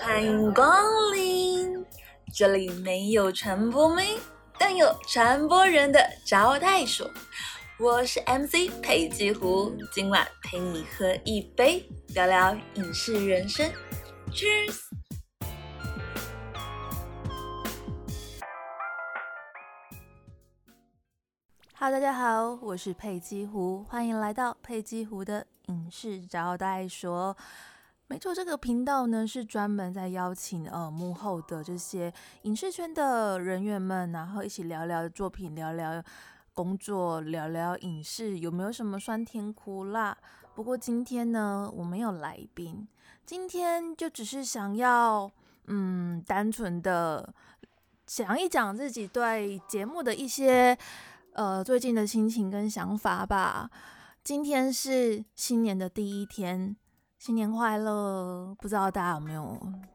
歡迎光臨，這裡沒有傳播咩，但有傳播人的招待所。我是 MC 珮姬狐，今晚陪你喝一杯，聊聊影視人生。Cheers！Hello，大家好，我是珮姬狐，歡迎來到珮姬狐的影視招待所。沒錯，這個頻道呢，是專門在邀請呃幕後的這些影視圈的人員們，然後一起聊聊作品，聊聊工作，聊聊影視有沒有什麼酸甜苦辣。不過今天呢，我沒有來賓，今天就只是想要嗯單純的講一講自己對節目的一些呃最近的心情跟想法吧。今天是新年的第一天。新年快樂！不知道大家有沒有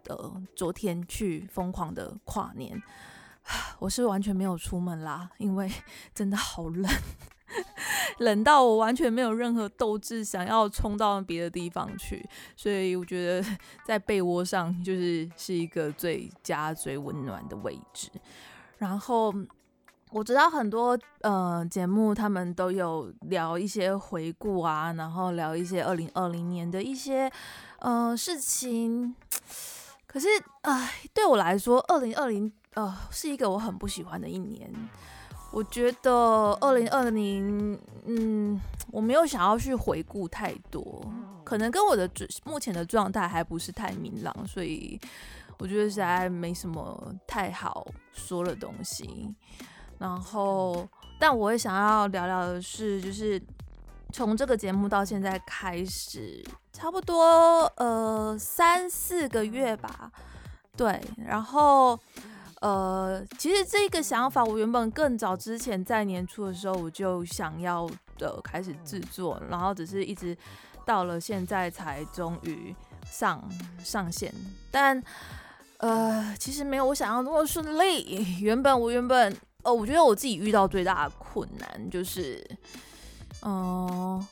呃，昨天去瘋狂的跨年？我是，是完全沒有出門啦，因為真的好冷，冷到我完全沒有任何鬥志，想要衝到別的地方去。所以我覺得在被窩上就是是一個最家最溫暖的位置。然後。我知道很多呃節目，他們都有聊一些回顧啊，然後聊一些二零二零年的一些呃事情。可是哎，對我來說，二零二零呃是一個我很不喜歡的一年。我覺得二零二零，嗯，我沒有想要去回顧太多，可能跟我的目前的狀態還不是太明朗，所以我覺得實在沒什麼太好說的東西。然後，但我也想要聊聊的是，就是從這個節目到現在開始，差不多呃三四個月吧，對。然後呃，其實這個想法我原本更早之前在年初的時候，我就想要的開始制作，然後只是一直到了現在才終於上上線，但呃，其實沒有我想要那麼順利。原本我原本。呃、哦，我覺得我自己遇到最大的困難就是，嗯、呃，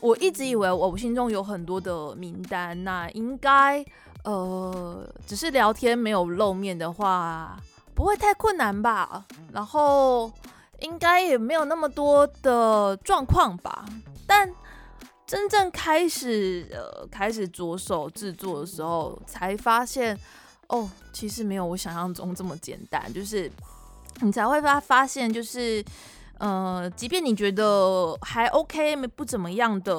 我一直以為我心中有很多的名單那、啊、應該呃，只是聊天沒有露面的話，不會太困難吧？然後應該也沒有那麼多的狀況吧？但真正開始呃，開始着手製作的時候，才發現哦，其實沒有我想象中這麼簡單，就是。你才會發發現，就是，呃，即便你覺得還 OK，不怎麼樣的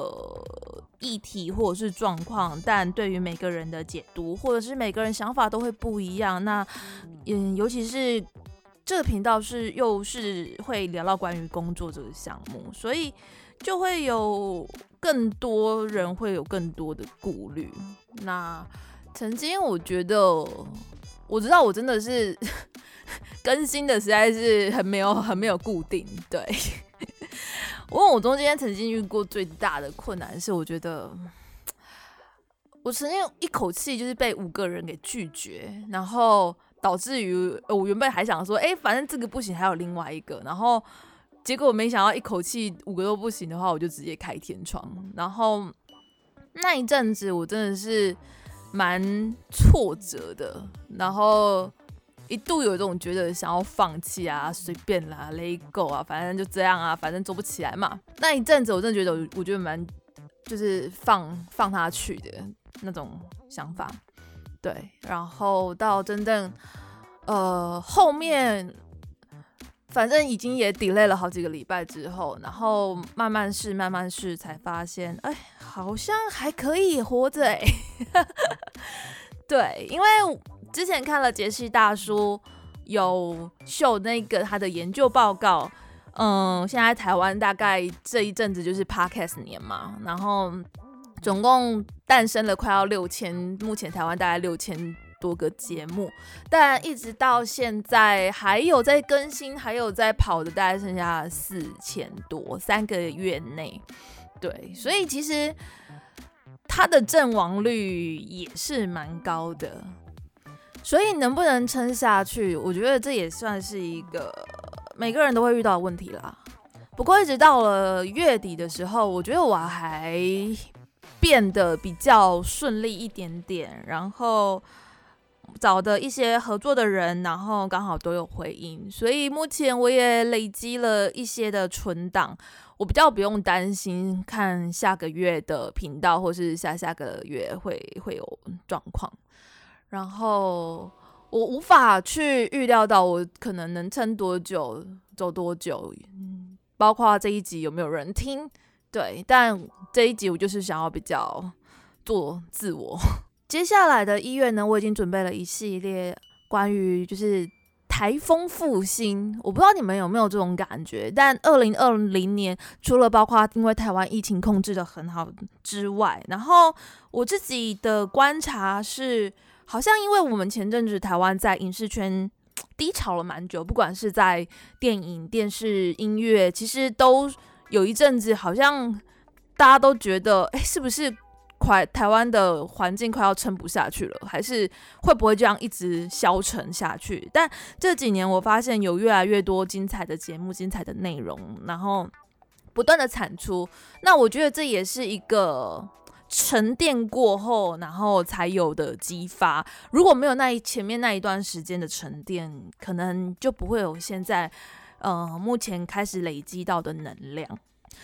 議題或者是狀況，但對於每個人的解讀或者是每個人想法都會不一樣。那，嗯，尤其是這個頻道是又是會聊到關於工作這個項目，所以就會有更多人會有更多的顧慮。那曾經我覺得，我知道我真的是。更新的實在是很沒有，很沒有固定。對，我，我，我中間曾經遇過最大的困難是，我覺得我曾經一口氣就是被五個人給拒絕，然後導致於我原本還想說，哎、欸，反正這個不行，還有另外一個。然後結果我沒想到，一口氣五個都不行的話，我就直接開天窗。然後那一陣子，我真的是蠻挫折的。然後。一度有一種覺得想要放棄啊，隨便啦，let go 啊，反正就這樣啊，反正做不起來嘛。那一陣子我真的覺得我，我覺得蠻，就是放放他去的那種想法。對，然後到真正呃後面，反正已經也 delay 了好幾個禮拜之後，然後慢慢試，慢慢試，才發現，哎，好像還可以活着欸。 對，因為。之前看了傑西大叔有秀那個他的研究報告，嗯，現在台灣大概這一陣子就是 Podcast 年嘛，然後總共誕生了快要六千，目前台灣大概六千多個節目，但一直到現在還有在更新，還有在跑的，大概剩下四千多，三個月內，對，所以其實他的陣亡率也是蠻高的。所以能不能撐下去，我覺得這也算是一個每個人都會遇到的問題啦。不過一直到了月底的時候，我覺得我還變得比較順利一點點，然後找的一些合作的人，然後剛好都有回應，所以目前我也累積了一些的存檔，我比較不用擔心看下個月的頻道或是下下個月會會有狀況。然後我無法去預料到我可能能撐多久，走多久，嗯，包括這一集有沒有人聽，對，但這一集我就是想要比較做自我。接下來的一月呢，我已經準備了一系列關於就是台風復興，我不知道你們有沒有這種感覺，但二零二零年除了包括因為台灣疫情控制的很好之外，然後我自己的觀察是。好像因為我們前陣子台灣在影視圈低潮了蠻久，不管是在電影、電視、音樂，其實都有一陣子好像大家都覺得，哎、欸，是不是快台灣的環境快要撐不下去了？還是會不會這樣一直消沉下去？但這幾年我發現有越來越多精彩的節目、精彩的內容，然後不斷的產出，那我覺得這也是一個。沉澱過後，然後才有的激發。如果沒有那一前面那一段時間的沉澱，可能就不會有現在，呃，目前開始累積到的能量。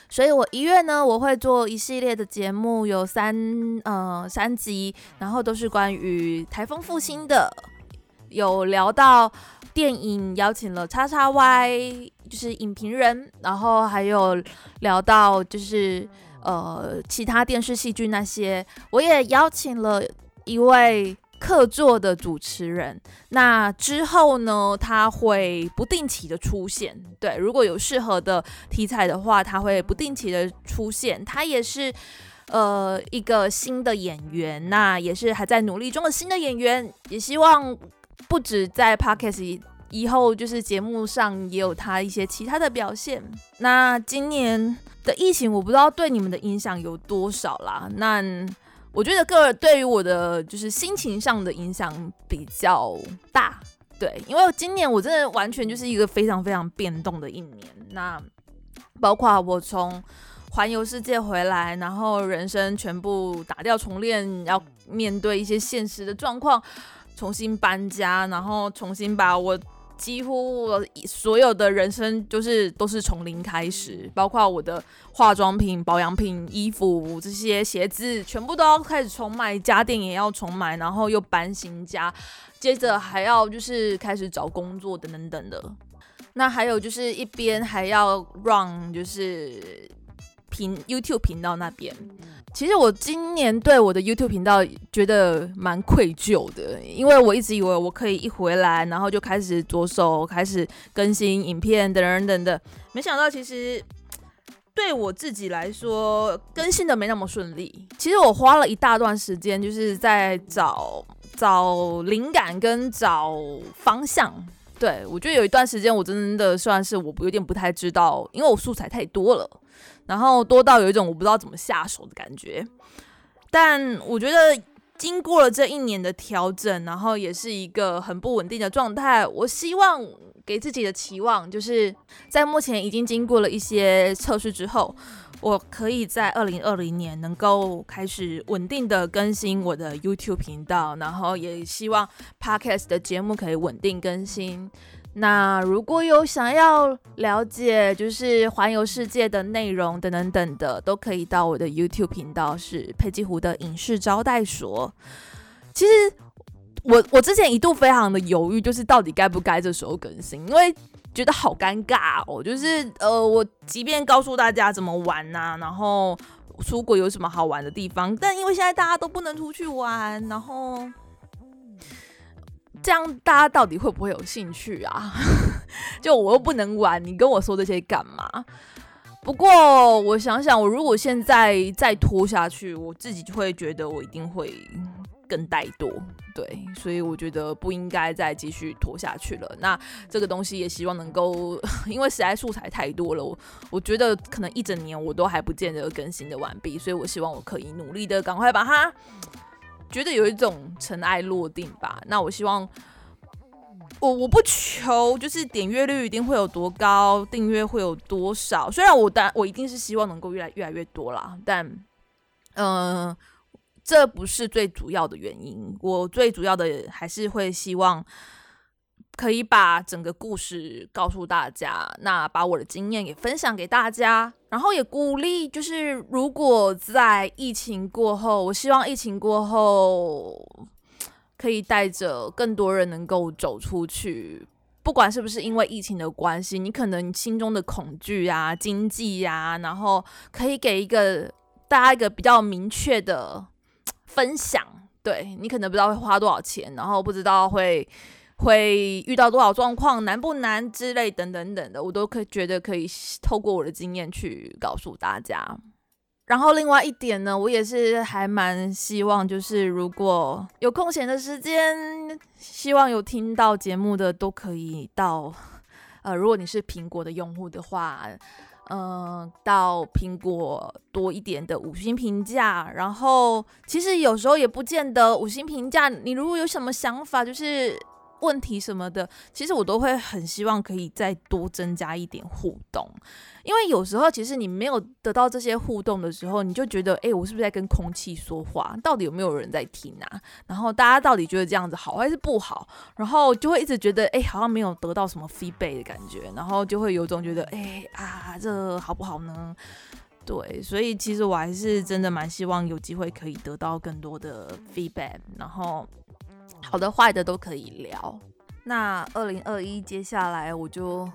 所以我一月呢，我會做一系列的節目，有三呃三集，然後都是關於台風復興的，有聊到電影，邀請了叉叉 Y，就是影評人，然後還有聊到就是。呃，其他電視戲劇那些，我也邀請了一位客座的主持人。那之後呢，他會不定期的出現。對，如果有適合的題材的話，他會不定期的出現。他也是呃一個新的演員，那也是還在努力中的新的演員。也希望不止在 Podcast。以後就是節目上也有他一些其他的表現。那今年的疫情我不知道對你們的影響有多少啦。那我覺得個人對於我的就是心情上的影響比較大。對，因為今年我真的完全就是一個非常非常變動的一年。那包括我從環遊世界回來，然後人生全部打掉重練，要面對一些現實的狀況，重新搬家，然後重新把我。幾乎所有的人生就是都是從零開始，包括我的化妝品、保養品、衣服、這些鞋子，全部都要開始重買，家電也要重買，然後又搬新家，接着還要就是開始找工作等等等的。那還有就是一邊還要 run，就是頻 YouTube 頻道那邊。其實我今年對我的 YouTube 頻道覺得蠻愧疚的，因為我一直以為我可以一回來，然後就開始着手開始更新影片等等等等。沒想到其實對我自己來說，更新的沒那麼順利。其實我花了一大段時間，就是在找找靈感跟找方向。對，我覺得有一段時間，我真的算是我有點不太知道，因為我素材太多了。然後多到有一種我不知道怎麼下手的感覺，但我覺得經過了這一年的調整，然後也是一個很不穩定的狀態。我希望給自己的期望就是在目前已經經過了一些測試之後，我可以在二零二零年能夠開始穩定的更新我的 YouTube 頻道，然後也希望 Podcast 的節目可以穩定更新。那如果有想要了解就是環遊世界的內容等等等的，都可以到我的 YouTube 頻道是珮姬狐的影視招待所。其實我我之前一度非常的猶豫，就是到底該不該這時候更新，因為覺得好尷尬哦。就是呃，我即便告訴大家怎麼玩吶、啊，然後出國有什麼好玩的地方，但因為現在大家都不能出去玩，然後。這樣大家到底會不會有興趣啊？ 就我又不能玩，你跟我說這些幹嘛？不過我想想，我如果現在再拖下去，我自己就會覺得我一定會更怠惰，對，所以我覺得不應該再繼續拖下去了。那這個東西也希望能夠，因為實在素材太多了，我我覺得可能一整年我都還不見得更新的完畢，所以我希望我可以努力的趕快把它。覺得有一種塵埃落定吧。那我希望，我我不求就是點閱率一定會有多高，訂閱會有多少。雖然我當然我一定是希望能夠越來越來越多啦，但嗯、呃，這不是最主要的原因。我最主要的還是會希望。可以把整個故事告訴大家，那把我的經驗也分享給大家，然後也鼓勵，就是如果在疫情過後，我希望疫情過後可以帶着更多人能夠走出去，不管是不是因為疫情的關係，你可能心中的恐懼啊、經濟呀、啊，然後可以給一個大家一個比較明確的分享，對，你可能不知道會花多少錢，然後不知道會。會遇到多少狀況，難不難之類等等等的，我都可覺得可以透過我的經驗去告訴大家。然後另外一點呢，我也是還蠻希望，就是如果有空閒的時間，希望有聽到節目的都可以到呃，如果你是蘋果的用戶的話，嗯、呃，到蘋果多一點的五星評價。然後其實有時候也不見得五星評價，你如果有什麼想法，就是。問題什麼的，其實我都會很希望可以再多增加一點互動，因為有時候其實你沒有得到這些互動的時候，你就覺得，哎，我是不是在跟空氣說話？到底有沒有人在聽啊？然後大家到底覺得這樣子好還是不好？然後就會一直覺得，哎，好像沒有得到什麼 feedback 的感覺，然後就會有種覺得，哎啊，這好不好呢？對，所以其實我還是真的蠻希望有機會可以得到更多的 feedback，然後。好的、壞的都可以聊。那2021，接下來我就。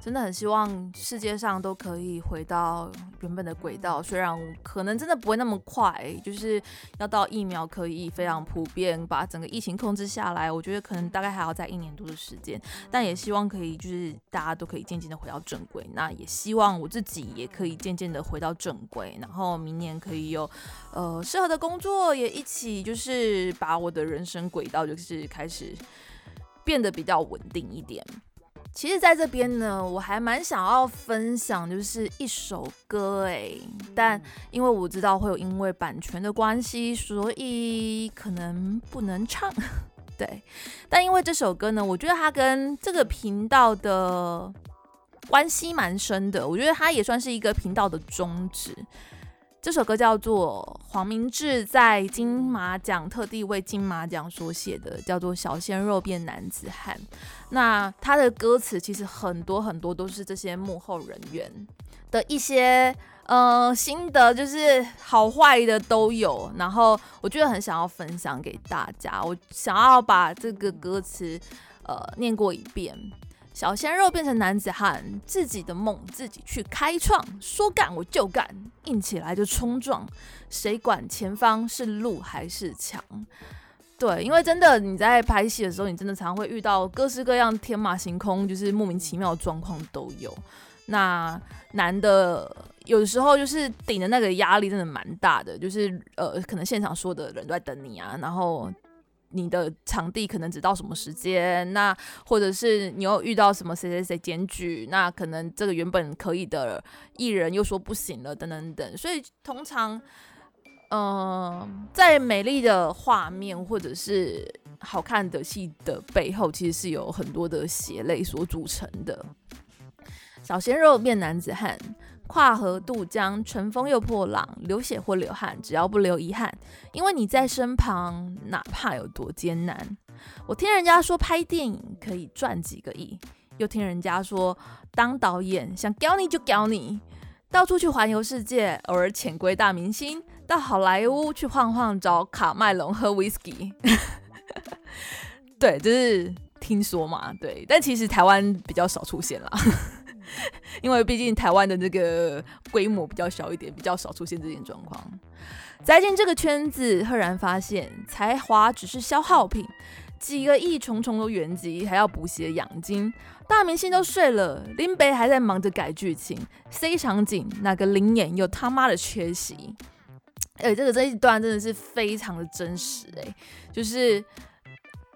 真的很希望世界上都可以回到原本的軌道，雖然可能真的不會那麼快，就是要到疫苗可以非常普遍，把整個疫情控制下來。我覺得可能大概還要再一年多的時間，但也希望可以就是大家都可以漸漸的回到正軌。那也希望我自己也可以漸漸的回到正軌，然後明年可以有呃適合的工作，也一起就是把我的人生軌道就是開始變得比較穩定一點。其實，在這邊呢，我還蠻想要分享，就是一首歌誒、欸，但因為我知道會有因為版權的關係，所以可能不能唱。對，但因為這首歌呢，我覺得它跟這個頻道的關係蠻深的，我覺得它也算是一個頻道的宗旨。這首歌叫做黃明志，在金馬獎特地為金馬獎所寫的，叫做《小鮮肉變男子漢》。那他的歌詞其實很多很多都是這些幕後人員的一些，嗯、呃，心得，就是好壞的都有。然後我覺得很想要分享給大家，我想要把這個歌詞，呃，念過一遍。小鮮肉變成男子漢，自己的夢自己去開創，說幹我就幹，硬起來就衝撞，誰管前方是路還是牆？對，因為真的你在拍戲的時候，你真的常常會遇到各式各樣天馬行空，就是莫名其妙的狀況都有。那男的有的時候就是頂著那個壓力真的蠻大的，就是呃，可能現場所有的人都在等你啊，然後。你的場地可能只到什麼時間？那或者是你又遇到什麼誰誰誰檢舉？那可能這個原本可以的藝人又說不行了，等等等。所以通常，嗯、呃，在美麗的畫面或者是好看的戲的背後，其實是有很多的血淚所組成的。小鮮肉變男子漢。跨河渡江，乘風又破浪，流血或流汗，只要不留遺憾，因為你在身旁，哪怕有多艱難。我聽人家說拍電影可以賺幾個億，又聽人家說當導演想搞你就搞你，到處去環遊世界，偶爾潛規大明星，到好萊塢去晃晃，找卡麥隆喝威士忌。 對，就是聽說嘛，對，但其實台灣比較少出現啦。 因為畢竟台灣的那個規模比較小一點，比較少出現這種狀況。再進這個圈子，赫然發現才華只是消耗品，幾個億重重的原集還要補寫養金，大明星都睡了，林北還在忙着改劇情。C 場景那個臨演又他媽的缺席。哎、欸，這個這一段真的是非常的真實哎、欸，就是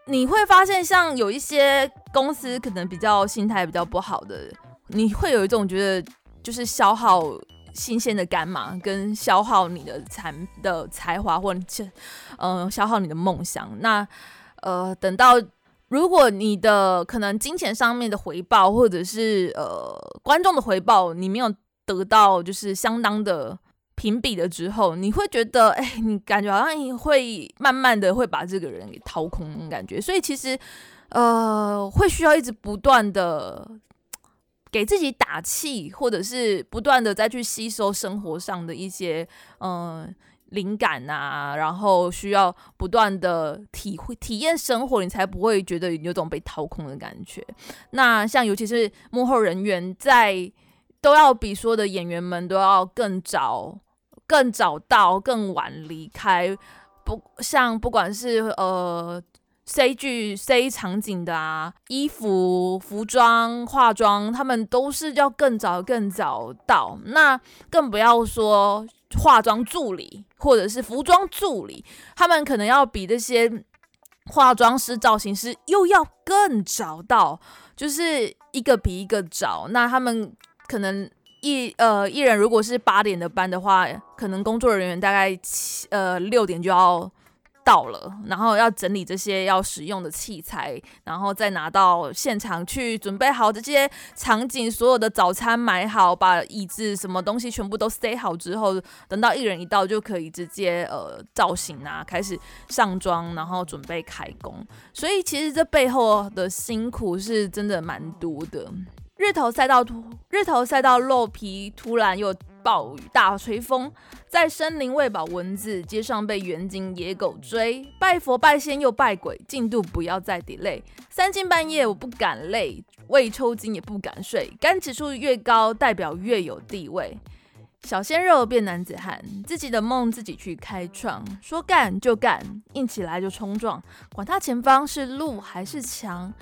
你會發現，像有一些公司可能比較心態比較不好的。你會有一種覺得，就是消耗新鮮的感嘛，跟消耗你的才的才華，或者嗯、呃，消耗你的夢想。那呃，等到如果你的可能金錢上面的回報，或者是呃觀眾的回報，你沒有得到就是相當的評比了之後，你會覺得哎、欸，你感覺好像你會慢慢的會把這個人給掏空那種感覺。所以其實呃，會需要一直不斷的。給自己打氣，或者是不斷的再去吸收生活上的一些嗯靈感吶，然後需要不斷的體會體驗生活，你才不會覺得有種被掏空的感覺。那像尤其是幕後人員在都要比說的演員們都要更早，更早到、更晚離開，不像不管是呃。C 劇 C 場景的啊，衣服、服裝、化妝，他們都是要更早、更早到。那更不要說化妝助理或者是服裝助理，他們可能要比這些化妝師、造型師又要更早到，就是一個比一個早。那他們可能藝呃藝人如果是八點的班的話，可能工作人員大概七呃六點就要到了，然後要整理這些要使用的器材，然後再拿到現場去準備好這些場景，所有的早餐買好，把椅子什麼東西全部都塞好之後，等到藝人一到就可以直接呃造型啊，開始上妝，然後準備開工。所以其實這背後的辛苦是真的蠻多的。日頭曬到日頭曬到露皮，突然又暴雨大吹風，在森林餵飽蚊子，街上被園丁野狗追，拜佛拜仙又拜鬼，進度不要再 delay。三更半夜我不敢累，胃抽筋也不敢睡，肝指數越高代表越有地位，小鮮肉變男子漢，自己的夢自己去開創，說幹就幹，硬起來就衝撞，管它前方是路還是牆。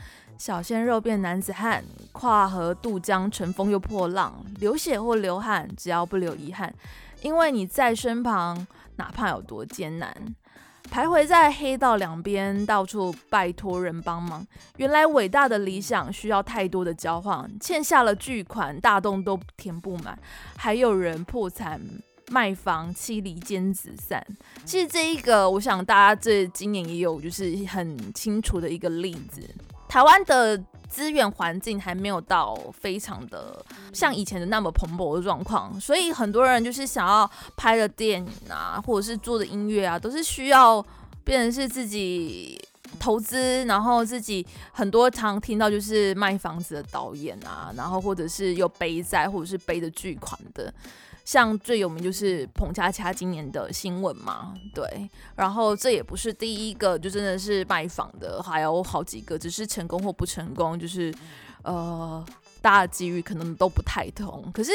小鮮肉變男子漢，跨河渡江，乘風又破浪，流血或流汗，只要不留遺憾，因為你在身旁，哪怕有多艱難。徘徊在黑道兩邊，到處拜托人幫忙。原來偉大的理想需要太多的交換，欠下了巨款，大洞都填不滿，還有人破產賣房，妻離間子散。其實這一個，我想大家這今年也有，就是很清楚的一個例子。台灣的資源環境還沒有到非常的像以前的那麼蓬勃的狀況，所以很多人就是想要拍的電影啊，或者是做的音樂啊，都是需要變成是自己投資，然後自己很多常聽到就是賣房子的導演啊，然後或者是有背債或者是背着巨款的。像最有名就是澎恰恰今年的新聞嘛，對，然後這也不是第一個，就真的是賣房的，還有好幾個，只是成功或不成功，就是，呃，大家機遇可能都不太同。可是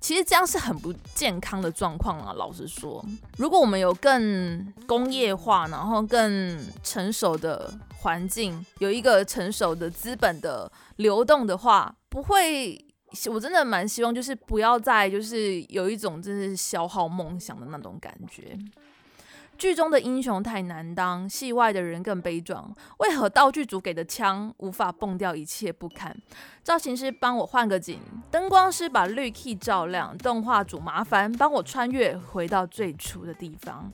其實這樣是很不健康的狀況啊，老實說，如果我們有更工業化，然後更成熟的環境，有一個成熟的資本的流動的話，不會。我真的蠻希望，就是不要再就是有一種，就是消耗夢想的那種感覺。劇中的英雄太難當，戲外的人更悲壯。為何道具組給的槍無法蹦掉一切不堪？造型師幫我換個景，燈光師把綠 key 照亮，動畫組麻煩幫我穿越回到最初的地方。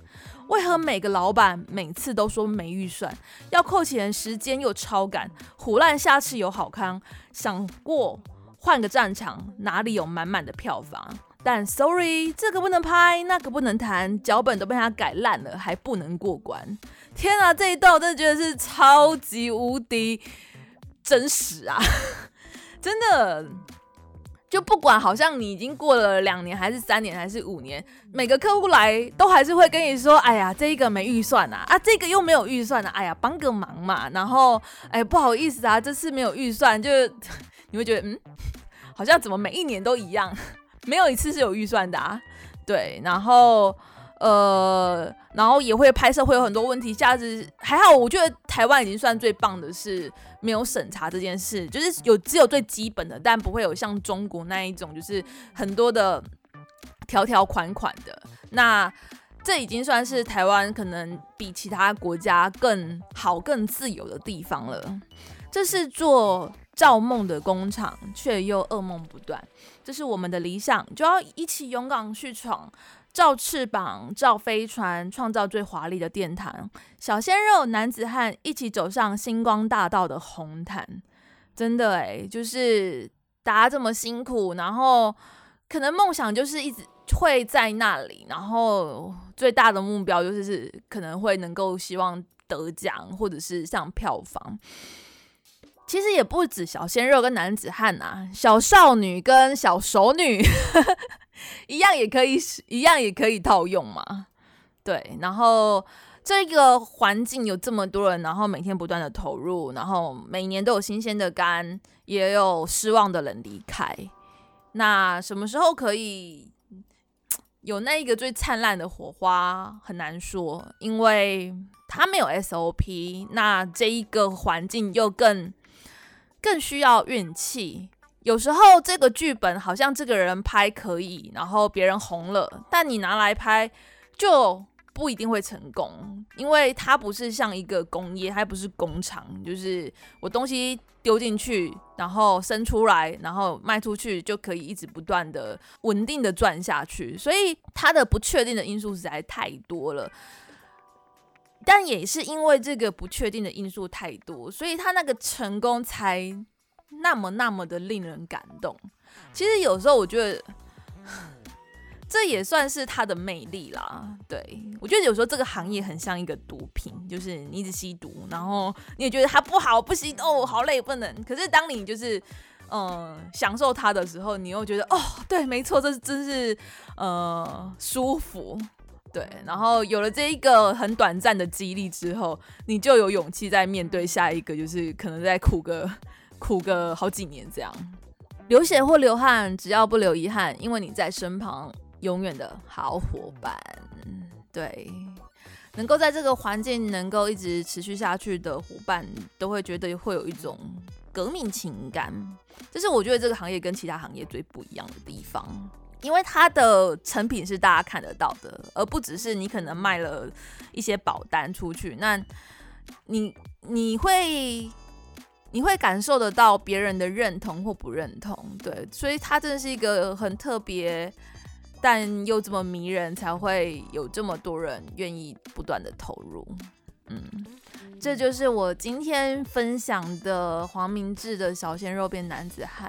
為何每個老板每次都說沒預算，要扣錢，時間又超趕，虎爛下次有好康？想過？換個戰場，哪裡有滿滿的票房？但，sorry，這個不能拍，那個不能談，腳本都被他改爛了，還不能過關。天啊，這一道我真的覺得是超級無敵真實啊！真的，就不管好像你已經過了兩年，還是三年，還是五年，每個客戶來都還是會跟你說：“哎呀，這一個沒預算啊，啊，這個又沒有預算啊，哎呀，幫個忙嘛。”然後，哎，不好意思啊，這次沒有預算，就你會覺得，嗯。好像怎麼每一年都一樣，沒有一次是有預算的啊。對，然後呃，然後也會拍攝，會有很多問題。下次還好，我覺得台灣已經算最棒的是沒有審查這件事，就是有只有最基本的，但不會有像中國那一種，就是很多的條條款款的。那這已經算是台灣可能比其他國家更好、更自由的地方了。這是做造夢的工廠，卻又噩夢不斷。這是我們的理想，就要一起勇敢去闖，造翅膀，造飛船，創造最華麗的殿堂。小鮮肉、男子漢一起走上星光大道的紅毯，真的誒、欸，就是大家這麼辛苦，然後可能夢想就是一直會在那裡，然後最大的目標就是可能會能夠希望得獎，或者是像票房。其實也不止小鮮肉跟男子漢吶、啊，小少女跟小熟女呵呵一樣也可以，一樣也可以套用嘛。對，然後這個環境有這麼多人，然後每天不斷的投入，然後每年都有新鮮的肝，也有失望的人離開。那什麼時候可以有那一個最燦爛的火花，很難說，因為他沒有 SOP。那這一個環境又更。更需要運氣，有時候這個劇本好像這個人拍可以，然後別人紅了，但你拿來拍就不一定會成功，因為它不是像一個工業，它不是工廠，就是我東西丟進去，然後生出來，然後賣出去就可以一直不斷的穩定的賺下去，所以它的不確定的因素實在太多了。但也是因為這個不確定的因素太多，所以他那個成功才那麼那麼的令人感動。其實有時候我覺得，這也算是他的魅力啦。對，我覺得有時候這個行業很像一個毒品，就是你一直吸毒，然後你也覺得他不好不吸哦，好累不能。可是當你就是嗯、呃、享受它的時候，你又覺得哦對，沒錯，這真是呃舒服。對，然後有了這一個很短暫的激勵之後，你就有勇氣再面對下一個，就是可能再苦個苦個好幾年這樣，流血或流汗，只要不留遺憾，因為你在身旁永遠的好夥伴，對，能夠在這個環境能夠一直持續下去的夥伴，都會覺得會有一種革命情感，這是我覺得這個行業跟其他行業最不一樣的地方。因為它的成品是大家看得到的，而不只是你可能賣了一些保單出去。那你你會你會感受得到別人的認同或不認同，對，所以它真的是一個很特別，但又這麼迷人才會有這麼多人願意不斷的投入。嗯，這就是我今天分享的黃明志的《小鮮肉變男子漢》。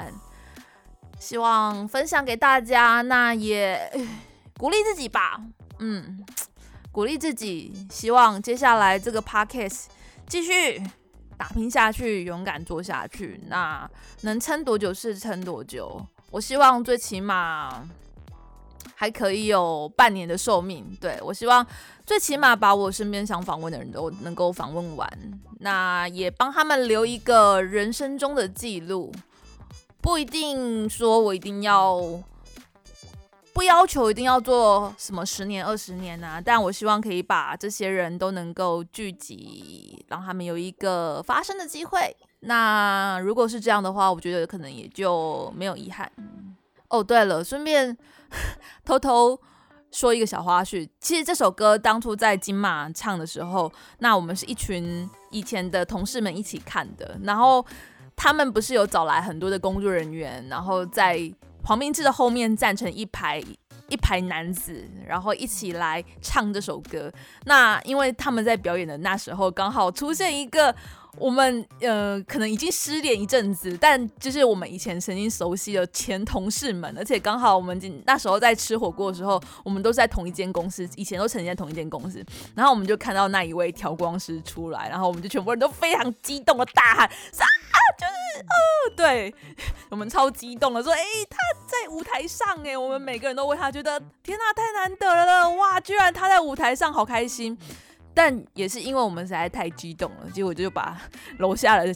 希望分享給大家，那也鼓勵自己吧。嗯，鼓勵自己，希望接下來這個 podcast 繼續打拼下去，勇敢做下去。那能撐多久是撐多久，我希望最起碼還可以有半年的壽命。對，我希望最起碼把我身邊想訪問的人都能夠訪問完，那也幫他們留一個人生中的記錄。不一定說，我一定要不要求一定要做什麼十年、二十年吶、啊？但我希望可以把這些人都能夠聚集，讓他們有一個發聲的機會。那如果是這樣的話，我覺得可能也就沒有遺憾。哦，對了，順便偷偷說一個小花絮：其實這首歌當初在金馬唱的時候，那我們是一群以前的同事們一起看的，然後。他們不是有找來很多的工作人員，然後在黃明志的後面站成一排一排男子，然後一起來唱這首歌。那因為他們在表演的那時候剛好出現一個。我們呃，可能已經失聯一陣子，但就是我們以前曾經熟悉的前同事們，而且剛好我們那時候在吃火鍋的時候，我們都是在同一間公司，以前都曾經在同一間公司。然後我們就看到那一位調光師出來，然後我們就全部人都非常激動的大喊啊！就是哦，對我們超激動的說，哎他在舞台上哎，我們每個人都為他覺得天哪太難得了哇！居然他在舞台上好開心。但也是因為我們實在太激動了，結果就把樓下的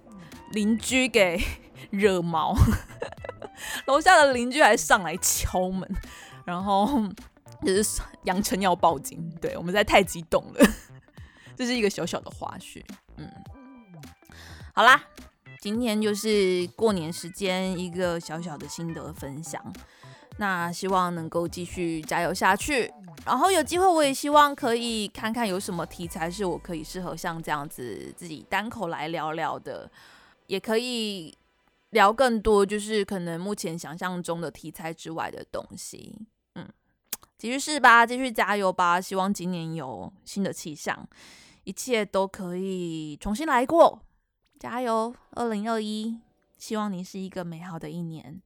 鄰居給惹毛，樓 下的鄰居還上來敲門，然後就是揚程要報警，對，我們實在太激動了， 這是一個小小的花絮，嗯，好啦。今天就是過年時間，一個小小的心得分享。那希望能夠繼續加油下去，然後有機會我也希望可以看看有什麼題材是我可以適合像這樣子自己單口來聊聊的，也可以聊更多，就是可能目前想象中的題材之外的東西。嗯，繼續試吧，繼續加油吧！希望今年有新的氣象，一切都可以重新來過。加油！二零二一，希望你是一個美好的一年。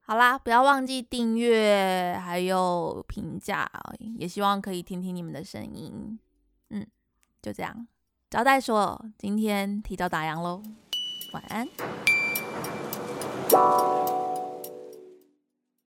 好啦，不要忘記訂閱還有評價，也希望可以聽聽你們的聲音。嗯，就這樣，招待所今天提早打烊嘍，晚安。